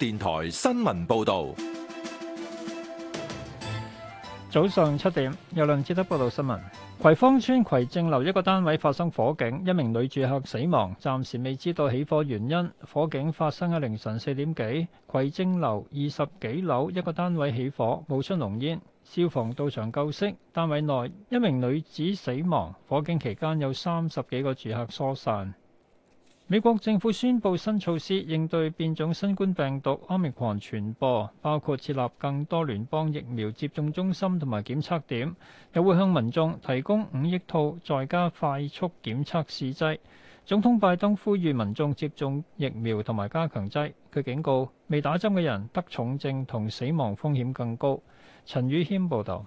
電台新聞報道，早上七點，有梁志德報道新聞：葵芳村葵正樓一個單位發生火警，一名女住客死亡，暫時未知道起火原因。火警發生喺凌晨四點幾，葵正樓二十幾樓一個單位起火，冒出濃煙，消防到場救熄。單位內一名女子死亡，火警期間有三十幾個住客疏散。美國政府宣布新措施應對變種新冠病毒 Omicron 傳播，包括設立更多聯邦疫苗接種中心同埋檢測點，又會向民眾提供五億套在家快速檢測試劑。總統拜登呼籲民眾接種疫苗同埋加強劑，佢警告未打針嘅人得重症同死亡風險更高。陳宇軒報導。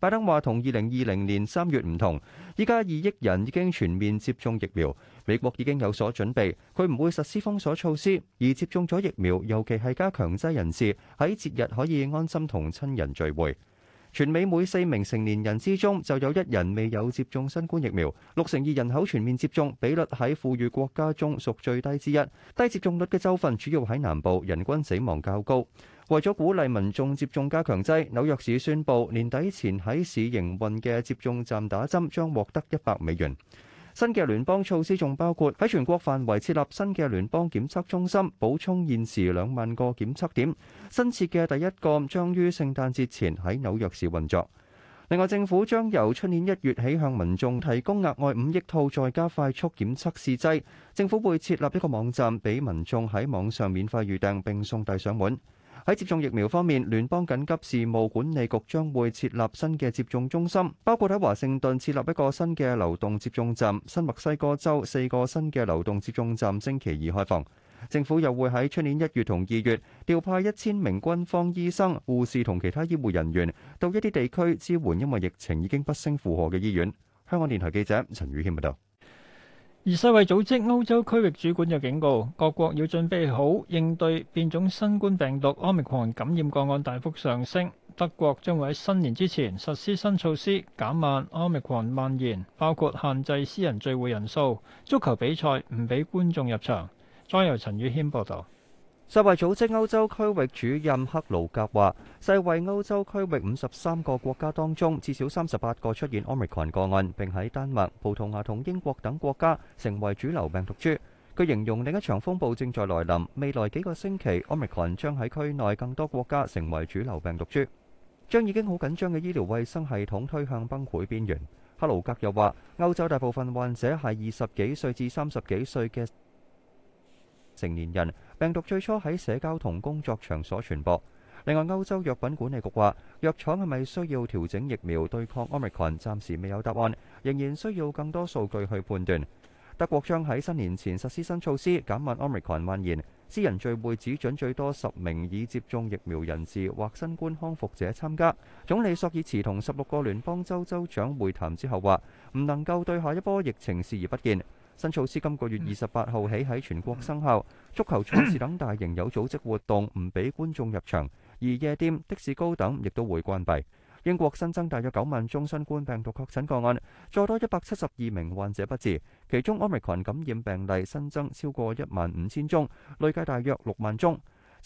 拜登話：同二零二零年三月唔同，依家二億人已經全面接種疫苗，美國已經有所準備。佢唔會實施封鎖措施，而接種咗疫苗，尤其係加強劑人士，喺節日可以安心同親人聚會。全美每四名成年人之中，就有一人未有接種新冠疫苗，六成二人口全面接種比率喺富裕國家中屬最低之一。低接種率嘅州份主要喺南部，人均死亡較高。為咗鼓勵民眾接種加強劑，紐約市宣布年底前喺市營運嘅接種站打針將獲得一百美元。新嘅聯邦措施仲包括喺全國範圍設立新嘅聯邦檢測中心，補充現時兩萬個檢測點。新設嘅第一個將於聖誕節前喺紐約市運作。另外，政府將由出年一月起向民眾提供額外五億套再加快速檢測試劑。政府會設立一個網站，俾民眾喺網上免費預訂並送遞上門。喺接種疫苗方面，聯邦緊急事務管理局將會設立新嘅接種中心，包括喺華盛頓設立一個新嘅流動接種站，新墨西哥州四個新嘅流動接種站星期二開放。政府又會喺出年一月同二月調派一千名軍方醫生、護士同其他醫護人員到一啲地區支援，因為疫情已經不勝負荷嘅醫院。香港電台記者陳宇謙報道。而世衛組織歐洲區域主管就警告，各國要準備好應對變種新冠病毒 omicron 感染個案大幅上升。德國將會喺新年之前實施新措施，減慢 omicron 蔓延，包括限制私人聚會人數、足球比賽唔俾觀眾入場。再由陳宇軒報道。世衛組織歐洲區域主任克魯格話，世衛歐洲區域五十三個國家當中，至少三十八個出現 Omicron 個案，並喺丹麥、葡萄牙同英國等國家成為主流病毒株。佢形容另一場風暴正在來臨，未來幾個星期 Omicron 將喺區內更多國家成為主流病毒株，將已經好緊張嘅醫療衛生系統推向崩潰邊緣。克魯格又話，歐洲大部分患者係二十幾歲至三十幾歲嘅成年人。病毒最初喺社交同工作場所傳播。另外，歐洲藥品管理局話藥廠係咪需要調整疫苗對抗 Omicron 暫時未有答案，仍然需要更多數據去判斷。德國將喺新年前實施新措施減慢 Omicron 蔓延，私人聚會只准最多十名已接種疫苗人士或新冠康復者參加。總理索爾茨同十六個聯邦州州州長會談之後話，唔能夠對下一波疫情視而不見。新措施今個月二十八號起喺全國生效，足球賽事等大型有組織活動唔俾觀眾入場，而夜店、的士高等亦都會關閉。英國新增大約九萬宗新冠病毒確診個案，再多一百七十二名患者不治，其中奧密克戎感染病例新增超過一萬五千宗，累計大約六萬宗。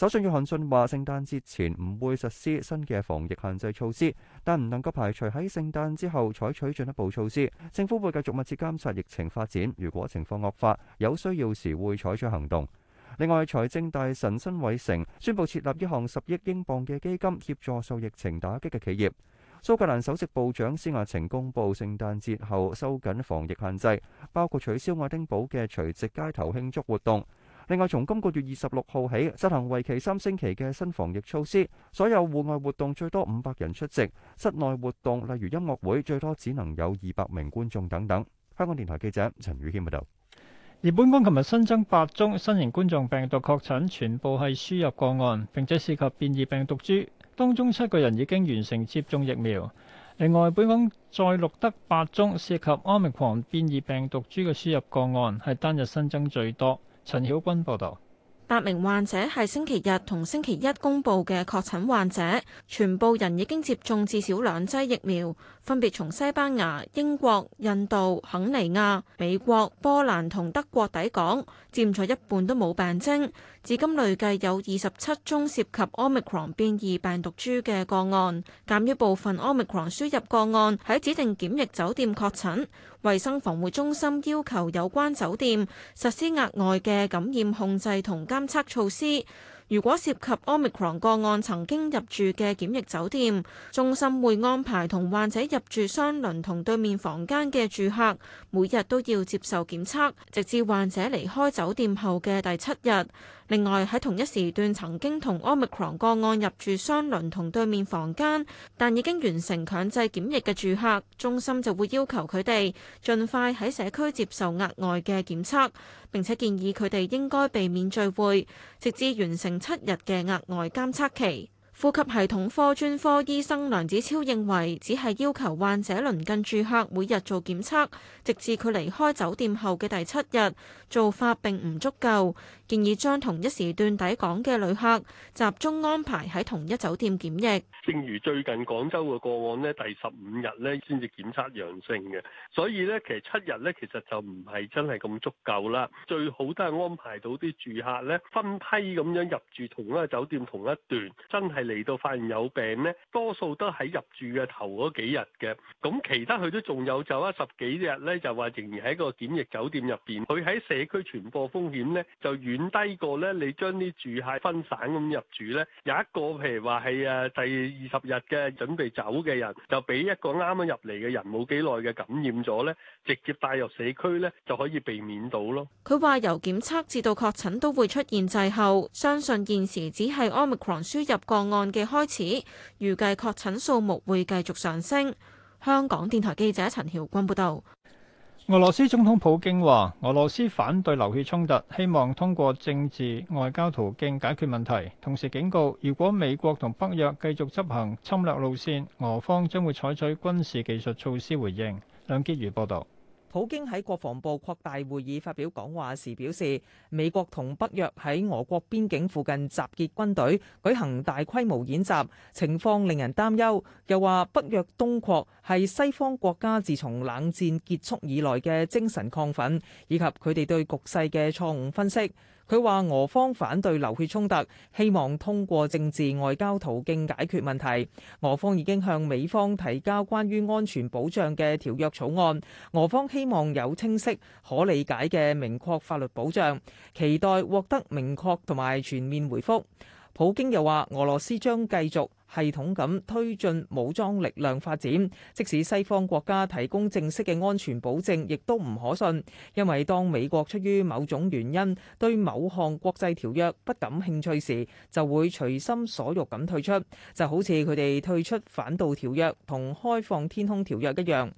首相約翰遜話：聖誕節前唔會實施新嘅防疫限制措施，但唔能夠排除喺聖誕之後採取進一步措施。政府會繼續密切監察疫情發展，如果情況惡化，有需要時會採取行動。另外，財政大臣新偉成宣布設立一項十億英鎊嘅基金，協助受疫情打擊嘅企業。蘇格蘭首席部長施亞晴公布，聖誕節後收緊防疫限制，包括取消愛丁堡嘅除夕街頭慶祝活動。另外，從今個月二十六號起，執行為期三星期嘅新防疫措施，所有戶外活動最多五百人出席，室內活動例如音樂會最多只能有二百名觀眾等等。香港電台記者陳宇軒報導。而本港琴日新增八宗新型冠狀病毒確診，全部係輸入個案，並且涉及變異病毒株，當中七個人已經完成接種疫苗。另外，本港再錄得八宗涉及奧密克戎變異病毒株嘅輸入個案，係單日新增最多。陳曉君報道，八名患者，係星期日同星期一公布嘅確診患者，全部人已經接種至少兩劑疫苗，分別從西班牙、英國、印度、肯尼亞、美國、波蘭同德國抵港，佔咗一半都冇病徵。至今累計有二十七宗涉及 Omicron 變異病毒株嘅個案，鑒於部分 Omicron 輸入個案喺指定檢疫酒店確診，衛生防護中心要求有關酒店實施額外嘅感染控制同監測措施。如果涉及 Omicron 個案曾經入住嘅檢疫酒店，中心會安排同患者入住相鄰同對面房間嘅住客，每日都要接受檢測，直至患者離開酒店後嘅第七日。另外喺同一時段曾經同 Omicron 個案入住雙鄰同對面房間，但已經完成強制檢疫嘅住客，中心就會要求佢哋盡快喺社區接受額外嘅檢測，並且建議佢哋應該避免聚會，直至完成七日嘅額外監測期。呼吸系統科專科醫生梁子超認為只係要求患者鄰近住客每日做檢測，直至佢離開酒店後嘅第七日，做法並唔足夠。建議將同一時段抵港嘅旅客集中安排喺同一酒店檢疫。正如最近廣州嘅個案呢，第十五日呢先至檢測陽性嘅，所以呢，其實七日呢，其實就唔係真係咁足夠啦。最好都係安排到啲住客呢，分批咁樣入住同一個酒店同一段，真係嚟到發現有病呢，多數都喺入住嘅頭嗰幾日嘅。咁其他佢都仲有就一十幾日呢，就話仍然喺個檢疫酒店入邊，佢喺社區傳播風險呢，就遠，低過呢，你將啲住客分散咁入住呢。有一個譬如話係誒第二十日嘅準備走嘅人，就俾一個啱啱入嚟嘅人冇幾耐嘅感染咗呢，直接帶入社區呢，就可以避免到咯。佢話由檢測至到確診都會出現滯後，相信現時只係 Omicron 輸入個案嘅開始，預計確診數目會繼續上升。香港電台記者陳曉君報道。俄羅斯總統普京話：俄羅斯反對流血衝突，希望通過政治外交途徑解決問題。同時警告，如果美國同北約繼續執行侵略路線，俄方將會採取軍事技術措施回應。梁潔如報道。普京喺國防部擴大會議發表講話時表示，美國同北約喺俄國邊境附近集結軍隊，舉行大規模演習，情況令人擔憂。又話北約東擴係西方國家自從冷戰結束以來嘅精神亢奮，以及佢哋對局勢嘅錯誤分析。佢話俄方反對流血衝突，希望通過政治外交途徑解決問題。俄方已經向美方提交關於安全保障嘅條約草案，俄方希望有清晰、可理解嘅明確法律保障，期待獲得明確同埋全面回覆。普京又話：俄羅斯將繼續系統咁推進武裝力量發展，即使西方國家提供正式嘅安全保證，亦都唔可信，因為當美國出於某種原因對某項國際條約不感興趣時，就會隨心所欲咁退出，就好似佢哋退出反導條約同開放天空條約一樣。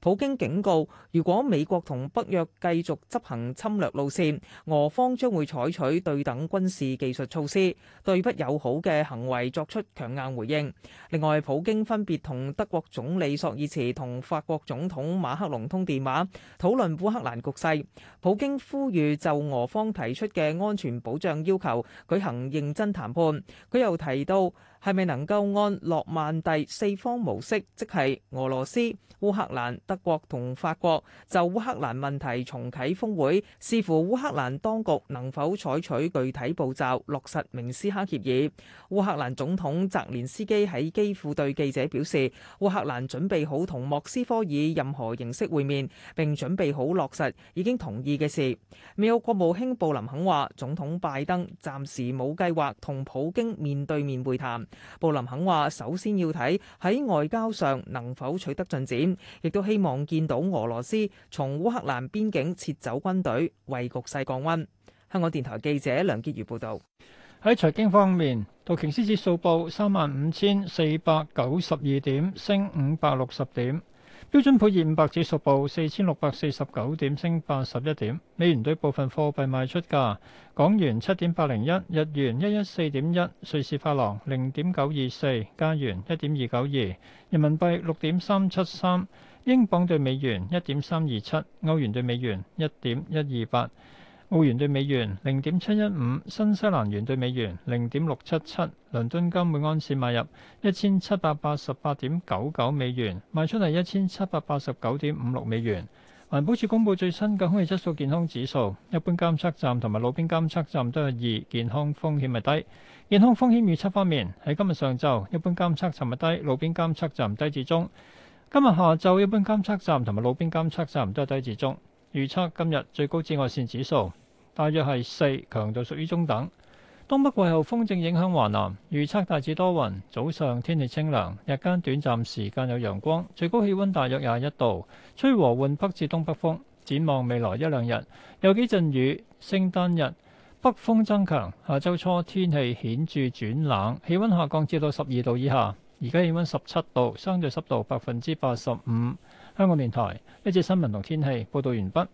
普京警告，如果美國同北約繼續執行侵略路線，俄方將會採取對等軍事技術措施，對不友好嘅行為作出強硬回應，另外，普京分別同德國總理朔爾茨同法國總統馬克龍通電話討論烏克蘭局勢，普京呼籲就俄方提出嘅安全保障要求舉行認真談判。佢又提到，係咪能夠按諾曼第四方模式，即係俄羅斯、烏克蘭、德國同法國就烏克蘭問題重啟峰會，視乎烏克蘭當局能否採取具體步驟落實明斯克協議。烏克蘭總統澤連斯基喺基輔對記者表示，烏克蘭準備好同莫斯科以任何形式會面，並準備好落實已經同意嘅事。美國國務卿布林肯話，總統拜登暫時冇計劃同普京面對面會談。布林肯話，首先要睇喺外交上能否取得進展，亦都希望見到俄羅斯從烏克蘭邊境撤走軍隊，為局勢降溫。香港電台記者梁潔如報道。喺財經方面，道瓊斯指數報三萬五千四百九十二點，升五百六十點。標準普爾五百指數報四千六百四十九點，升八十一點。美元對部分貨幣賣出價：港元七點八零一，日元一一四點一，瑞士法郎零點九二四，加元一點二九二，人民幣六點三七三，英鎊對美元一點三二七，歐元對美元一點一二八。澳元兌美元零點七一五，新西蘭元兌美元零點六七七，倫敦金每盎司買入一千七百八十八點九九美元，賣出係一千七百八十九點五六美元。環保署公布最新嘅空氣質素健康指數，一般監測站同埋路邊監測站都係二，健康風險係低。健康風險預測方面，喺今日上晝，一般監測站係低，路邊監測站低至中。今日下晝一般監測站同埋路邊監測站都係低至中。預測今日最高紫外線指數大約係四，強度屬於中等。東北季候風正影響華南，預測大致多雲，早上天氣清涼，日間短暫時間有陽光，最高氣温大約廿一度，吹和緩北至東北風。展望未來一兩日有幾陣雨，聖誕日北風增強，下周初天氣顯著轉冷，氣温下降至到十二度以下。而家氣温十七度，相對濕度百分之八十五。香港電台一節新聞同天氣報道完畢。